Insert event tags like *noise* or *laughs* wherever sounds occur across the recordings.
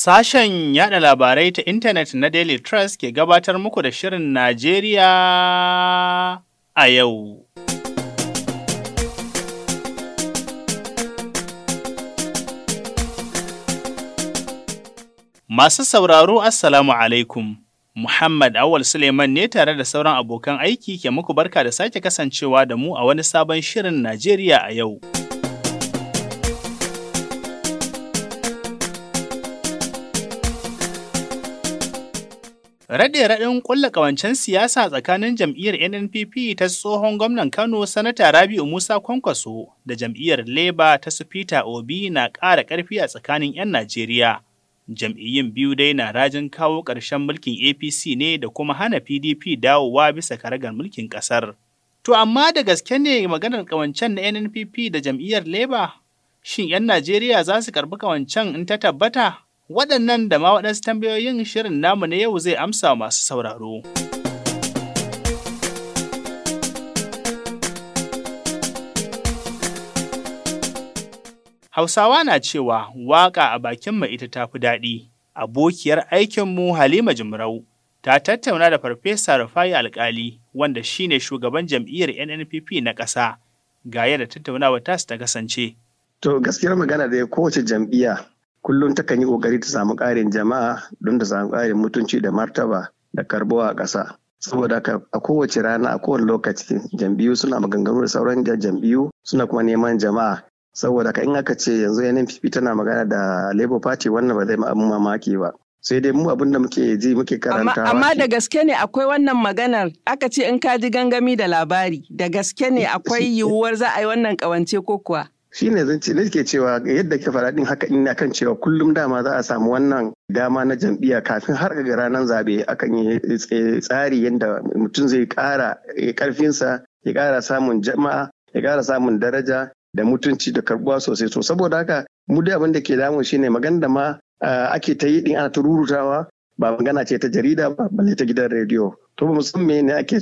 Sashen yada labarai ta intanet na Daily Trust ke gabatar muku da Shirin Najeriya a yau. Masu sauraro Assalamu alaikum. Muhammad Awal Suleiman ne tare da sauran abokan aiki ke muku barka da sake kasancewa da mu a wani sabon Shirin Najeriya a yau. Raɗe-raɗen ƙulla ƙawancen siyasa tsakanin jam'iyyar NNPP ta tsohon gwamnan Kano Sanata Rabi'u Musa Kwankwaso da jam'iyyar Leba ta su Peter Obi na ƙara ƙarfi a tsakanin 'yan Najeriya. Jam'iyyun biyu dai na rajin kawo ƙarshen mulkin APC ne da kuma hana PDP dawowa bisa karagar mulkin ƙasar. To amma da gaske ne maganar ƙawancen na NNPP da jam'iyyar Leba? Shin 'yan Najeriya za su karɓi ƙawancen in ta tabbata? Waɗannan da ma waɗansu tambayoyin shirin namu na yau zai amsa masu sauraro. Hausawa na cewa waƙa a bakin mai ita ta fi daɗi. Abokiyar aikinmu Halima Jimrau ta tattauna da Farfesa Rufai alkali, wanda shi ne shugaban jam'iyyar NNPP na ƙasa ga yadda tattaunawa su ta kasance. To gaskiyar magana da kowace jam'iyya kullum takan yi ƙoƙari ta samu ƙarin jama'a don ta samu ƙarin mutunci da martaba da karbuwa a ƙasa. saboda haka a kowace rana a kowane lokaci jam'iyyu suna maganganu da sauran jam'iyyu suna kuma neman jama'a saboda ka in aka ce yanzu yanayin NNPP tana magana da Labour Party wannan ba zai mu mamaki ba sai dai mu abinda muke ji muke karanta amma da gaske ne akwai wannan maganar aka ce in ka ji gangami da labari da gaske ne *laughs* akwai yiwuwar za a yi wannan kawance ko kuwa shi ne zance ke cewa yadda ke faɗa ɗin haka ina kan cewa kullum dama za a samu wannan dama na jam'iyya kafin har ga ranar zabe akan yi tsari yadda mutum zai ƙara ƙarfinsa ya ƙara samun jama'a ya ƙara samun daraja da mutunci da karbuwa sosai to saboda haka mu da abin da ke damu shine magana da ma ake ta yi ɗin ana ta rurutawa ba magana ce ta jarida ba balle ta gidan rediyo to ba musamman ne ake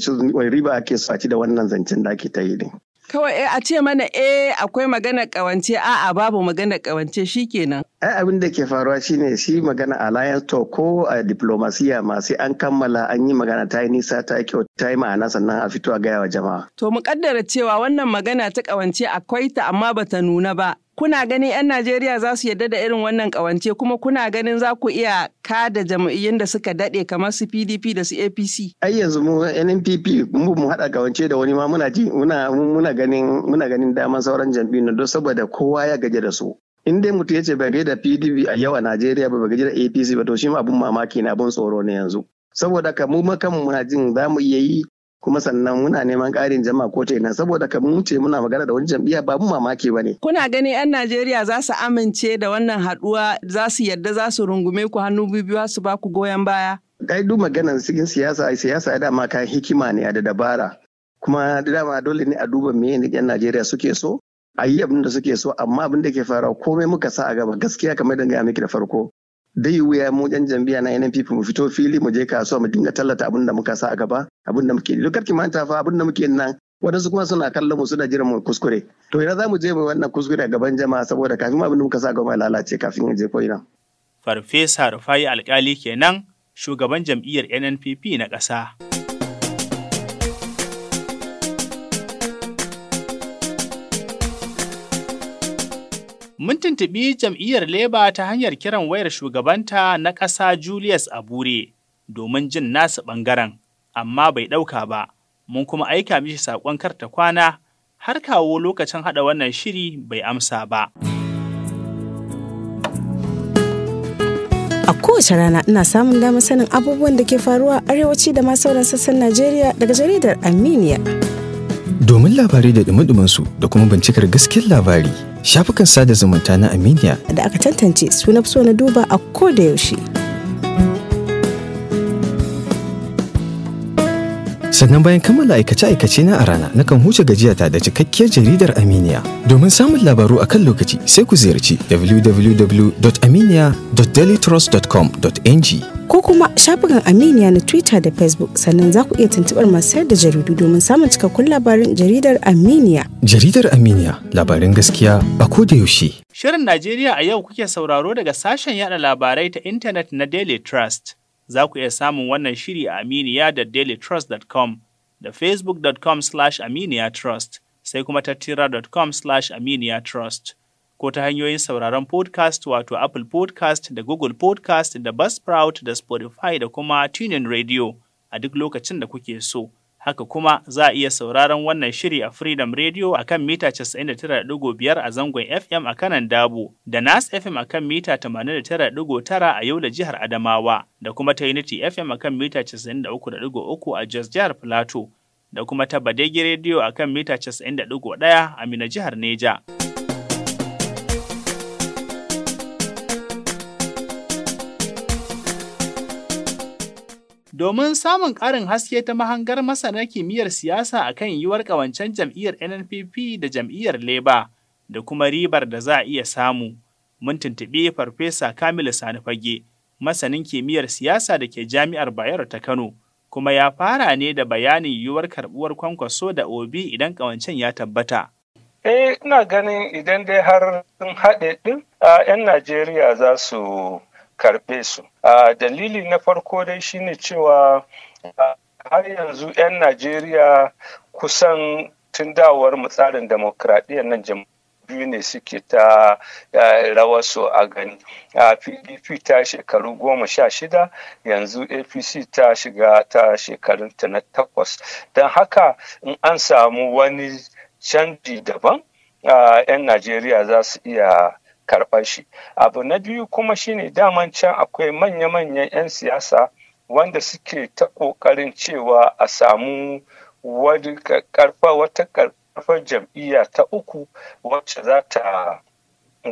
riba ake saci da wannan zancen da ake ta yi din. Kawai eh, a ce mana eh akwai magana kawance a'a babu magana kawance shikenan. Ai abin da ke faruwa shine shi magana alliance to ko a diplomasiya masu an kammala an yi magana ta yi nisa ta kyau ta yi ma'ana sannan a fito a gaya wa jama'a. To mu kaddara cewa wannan magana ta kawance akwai ta amma bata nuna ba kuna ganin 'yan Najeriya za su yarda da irin wannan kawance kuma kuna ganin za ku iya kada jam'iyyun da suka daɗe kamar su PDP da su APC? Ai yanzu mu NNPP mu mu haɗa kawance da wani ma muna ji muna muna ganin muna ganin daman sauran jam'iyyun don saboda kowa ya gaje da su. In dai mutum ya ce bai da PDP a yau a Najeriya ba bai gaje da APC ba to shi ma abun mamaki ne abun tsoro ne yanzu. saboda ka mu makan muna jin za mu iya yi kuma sannan muna neman ƙarin jama'a ko ta ina saboda ka mu muna magana da wani jam'iyya ba mu mamaki ba ne. Kuna ganin 'yan Najeriya za su amince da wannan haduwa za su yarda za su rungume ku hannu biyu su ba ku goyon baya? kai duk maganan cikin siyasa siyasa ya dama kan hikima ne da dabara kuma da dama dole ne a duba me ne 'yan Najeriya suke so ayi yi abin da suke so amma abin da ke faruwa komai muka sa a gaba gaskiya kamar da ga miki da farko bai wuya mu yan jam'iyya na NNPP mu fito fili mu je kasuwa mu dinga tallata abin da muka sa a gaba abin da muke duk karki manta fa abin da muke nan wadansu kuma suna kallon mu suna jiran mu kuskure to idan za mu je mu wannan kuskure a gaban jama'a saboda kafin abin da muka sa gaba lalace kafin ya je ko ina farfesa rufai alkali kenan shugaban jam'iyyar NNPP na ƙasa. Mun tuntubi jam'iyyar Leba ta hanyar kiran wayar shugabanta na ƙasa Julius Abure domin jin nasu ɓangaren, amma bai ɗauka ba, mun kuma aika mishi saƙon karta kwana har kawo lokacin haɗa wannan shiri bai amsa ba. A kowace rana ina samun damar sanin abubuwan da ke faruwa arewaci da ma sauran sassan Najeriya daga jaridar Armenia. Domin labarai da dumi da kuma bincikar gaskiyar labari. shafukan sada zumunta na Aminiya da aka tantance su na so na duba a ko da yaushe. sannan bayan kammala aikace-aikace na a rana nakan huce gajiyata da cikakkiyar jaridar aminiya domin samun labaru a kan lokaci sai ku ziyarci www.aminiya.dailytrust.com.ng ko kuma shafukan aminiya na twitter da facebook sannan za ku iya tuntubar masu sayar da jaridu domin samun cikakkun labarin jaridar aminiya jaridar aminiya labarin gaskiya a yaushe. shirin najeriya a yau kuke sauraro daga sashen yada labarai ta intanet na daily trust za ku iya samun wannan shiri a aminiya da dailytrust.com da facebook.com slash aminiya trust sai kuma tattira.com slash aminiya trust ko ta hanyoyin sauraron podcast wato Apple podcast da Google podcast da Buzzsprout da Spotify da kuma TuneIn Radio a duk lokacin da kuke so. Haka kuma za a iya sauraron wannan shiri a Freedom Radio a kan mita 99.5 a zangon FM a kanan Dabo, da Nas FM a kan mita 89.9 a yau da jihar Adamawa, da kuma ta Unity FM a kan mita 93.3 a Jos jihar Plateau, da kuma ta Badegi Radio a kan mita 91 a Mina jihar Neja. Domin samun ƙarin haske ta mahangar masana kimiyyar siyasa a kan yiwuwar ƙawancen jam'iyyar NNPP da jam'iyyar Leba da kuma ribar da za a iya samu, mun tuntuɓi Farfesa Kamilu Sani Fage, masanin kimiyyar siyasa da ke Jami'ar Bayero ta Kano, kuma ya fara ne da bayanin yiwuwar karɓuwar kwankwaso da O'B idan ƙawancen ya tabbata. Eh, ina ganin idan dai har sun haɗe ɗin, 'yan Najeriya za su karɓe su. Dalili na farko dai shine cewa har yanzu 'yan Najeriya kusan tun dawowar tsarin demokradiyyar nan biyu ne suke ta rawar su a gani pdp ta shekaru goma sha shida yanzu apc ta shiga ta shekarun ta na takwas don haka in an samu wani canji daban 'yan najeriya za su iya karɓar shi abu na biyu kuma shine daman can akwai manya-manyan 'yan siyasa wanda suke ta ƙoƙarin cewa a samu wata karfar jam'iyya ta uku wacce za ta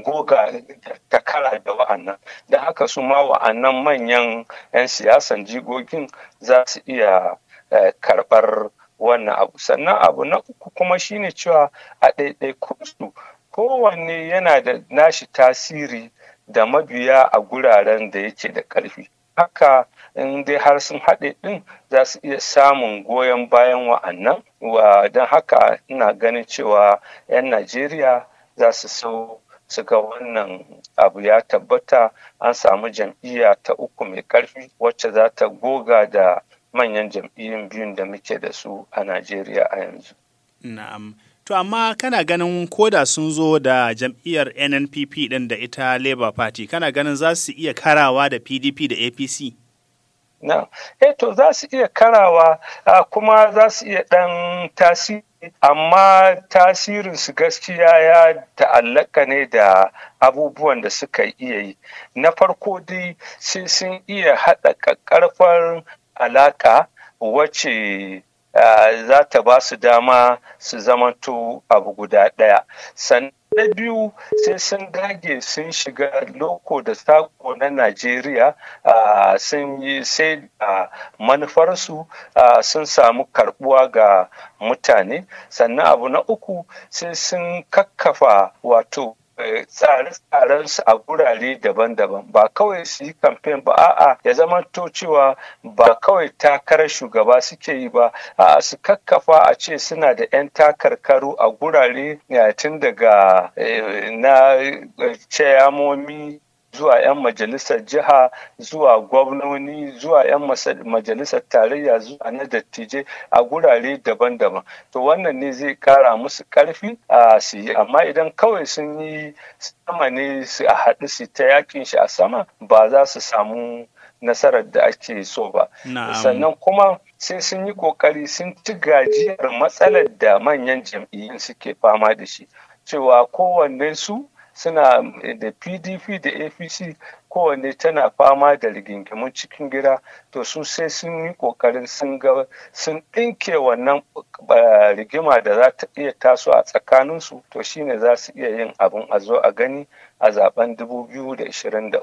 goga ta kara da wa'annan da haka su ma wa'annan manyan 'yan siyasan jigogin za su iya eh, karɓar wannan abu sannan abu na uku kuma shine cewa a ɗaiɗaikunsu kowanne yana da nashi tasiri da mabiya a guraren da yake da ƙarfi haka in dai har sun haɗe ɗin za su iya samun goyon bayan wa'annan wa don haka ina ganin cewa 'yan najeriya za su so su ga wannan abu ya tabbata an samu jam'iyya ta uku mai ƙarfi wacce za ta goga da manyan jam'iyyun biyun da muke da su a najeriya a yanzu na'am To amma kana ganin koda sun zo da jam'iyyar NNPP ɗin da ita Labour Party, kana ganin za su iya karawa da PDP da APC? Na, eh to za su iya karawa kuma za su iya ɗan tasiri, amma tasirinsu gaskiya ya ta'allaka ne da abubuwan da suka iya yi. Na farko dai sai sun iya haɗa ƙarfar alaƙa wacce za ta ba su dama su zama to abu guda ɗaya sannan biyu sai sun dage sun shiga loko da sako na najeriya sun yi sai da manufarsu sun samu karbuwa ga mutane sannan abu na uku sai sun kakkafa wato Eh, tsare-tsaren su a gurare daban-daban ba kawai su yi kamfen ba a'a ya zama to cewa ba kawai takarar shugaba suke yi ba a'a su kakkafa a ce suna da 'yan takarkaru a gurare eh, tun daga eh, na chairmomi zuwa 'yan majalisar jiha zuwa gwamnoni zuwa 'yan majalisar tarayya zuwa na dattijai a gurare daban-daban to wannan ne zai kara musu karfi a su yi amma idan kawai sun yi sama ne su a haɗu su ta yakin shi a sama ba za su samu nasarar da ake so ba sannan kuma sai sun yi kokari sun ci gajiyar matsalar da manyan jam'iyyun suke fama da shi cewa kowanne su suna eh, da pdp da apc kowanne tana fama da rigingimun cikin gida to su sai sun yi kokarin sun ga sun ɗinke wannan rigima da za ta iya taso a tsakaninsu to shine za su iya yin abin a zo a gani a zaben 2023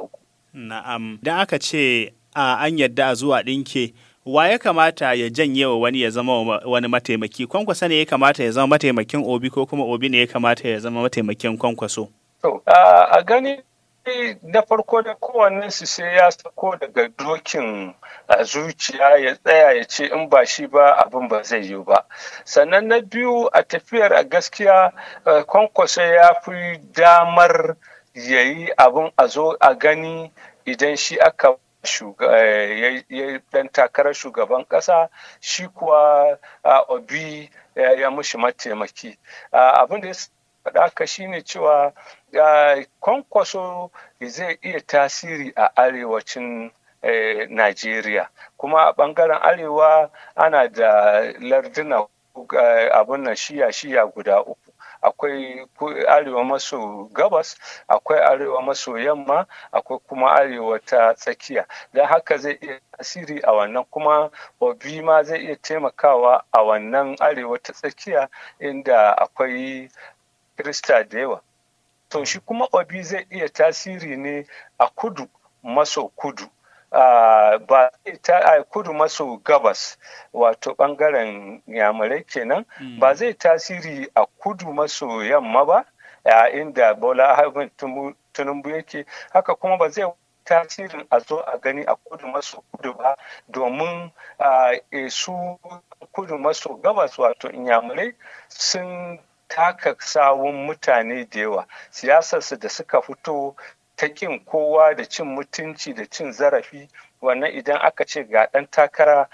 na'am da aka ce a an yadda zuwa ɗinke wa ya kamata ya janye wa wani ya zama wani mataimaki kwankwaso ne ya kamata ya zama mataimakin obi ko kuma obi ne ya kamata ya zama mataimakin kwankwaso To, a gani na farko da kowannen su sai ya sako daga dokin a zuciya ya tsaya ya ce in ba shi ba abin ba zai yiwu ba sannan na biyu a tafiyar a gaskiya kwankwaso ya fi damar ya yi abin a zo a gani idan shi aka eh, ya dan takarar shugaban kasa shi kuwa obi ya mushi mataimaki abin da ya faɗa shine cewa kwankwaso zai iya tasiri a arewacin eh, Najeriya kuma a ɓangaren arewa ana da larduna eh, abin nan shiya-shiya guda uku akwai arewa maso gabas akwai arewa maso yamma akwai kuma arewa ta tsakiya don haka zai iya tasiri a wannan kuma obi ma zai iya taimakawa a wannan arewa ta tsakiya inda akwai Kirista da yawa. To shi kuma Obi zai iya tasiri ne a kudu maso kudu. ba ta a kudu maso gabas wato bangaren yamurai kenan mm. ba zai tasiri a kudu maso yamma ba a inda bola ahmed tinubu yake haka kuma ba zai tasirin a zo a gani a kudu maso kudu ba domin a e, su kudu maso gabas wato inyamurai sun taka sawun mutane da yawa siyasarsu da suka fito ta kin kowa da cin mutunci da cin zarafi wannan idan aka ce ga ɗan takara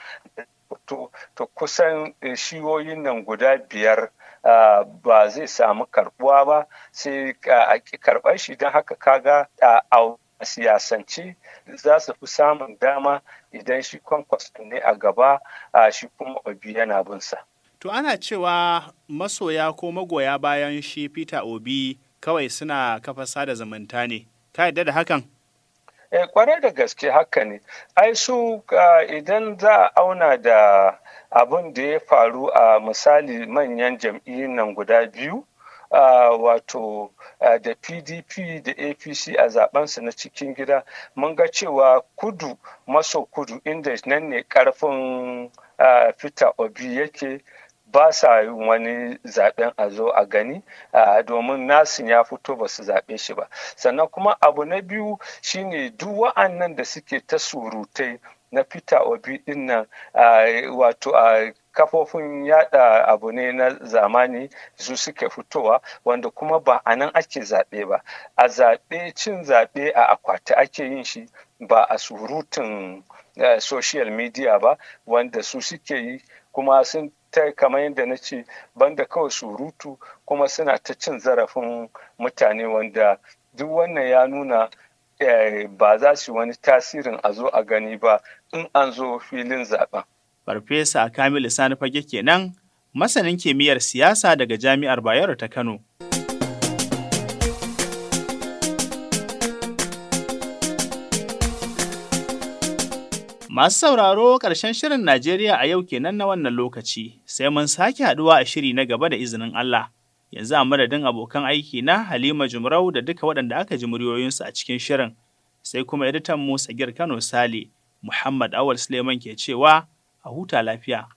to kusan eh, shiyoyin nan guda biyar ah, ba zai samu karbuwa ba sai a ki shi don haka kaga a siyasance za su fi samun dama idan shi kwankwas ne a gaba shi kuma obi yana sa. To ana cewa masoya ko magoya bayan shi Peter Obi kawai suna kafa sada zumunta ne. Ka yadda da hakan? Eh, kwarai da gaske haka ne. Ai su ah, idan za a auna da abin da ya faru a misali manyan jam'iyyun nan guda biyu, ah, wato ah, da pdp da apc a zabensu na cikin gida mun ga cewa kudu maso kudu inda nan ne karfin peter obi yake ba sa wani zaben a zo a gani domin nasin ya fito ba su zaɓe shi ba sannan kuma abu na biyu shine duk wa'annan da suke ta surutai na peter obi din nan wato a kafofin yada abu ne na zamani su suke fitowa wanda kuma ba a nan ake zaɓe ba a zaɓe cin zaɓe a akwati ake yin shi ba a surutun eh, social media ba wanda su suke yi kuma sun ta kamar yadda na ce banda kawai surutu kuma suna ta cin zarafin mutane wanda duk wannan ya nuna eh, ba za su wani tasirin a zo a gani ba in an zo filin zaben. Farfesa Kamilu Sani Fage kenan masanin kimiyyar siyasa daga Jami'ar Bayero ta Kano. Masu sauraro ƙarshen shirin Najeriya a yau kenan na wannan lokaci, sai mun sake haɗuwa a shiri na gaba da izinin Allah. Yanzu a madadin abokan aiki na Halima Jumrau da duka waɗanda aka ji muryoyinsu a cikin shirin, sai kuma editan mu Sagir Kano Sale, Muhammad Awal Suleiman ke cewa a huta lafiya.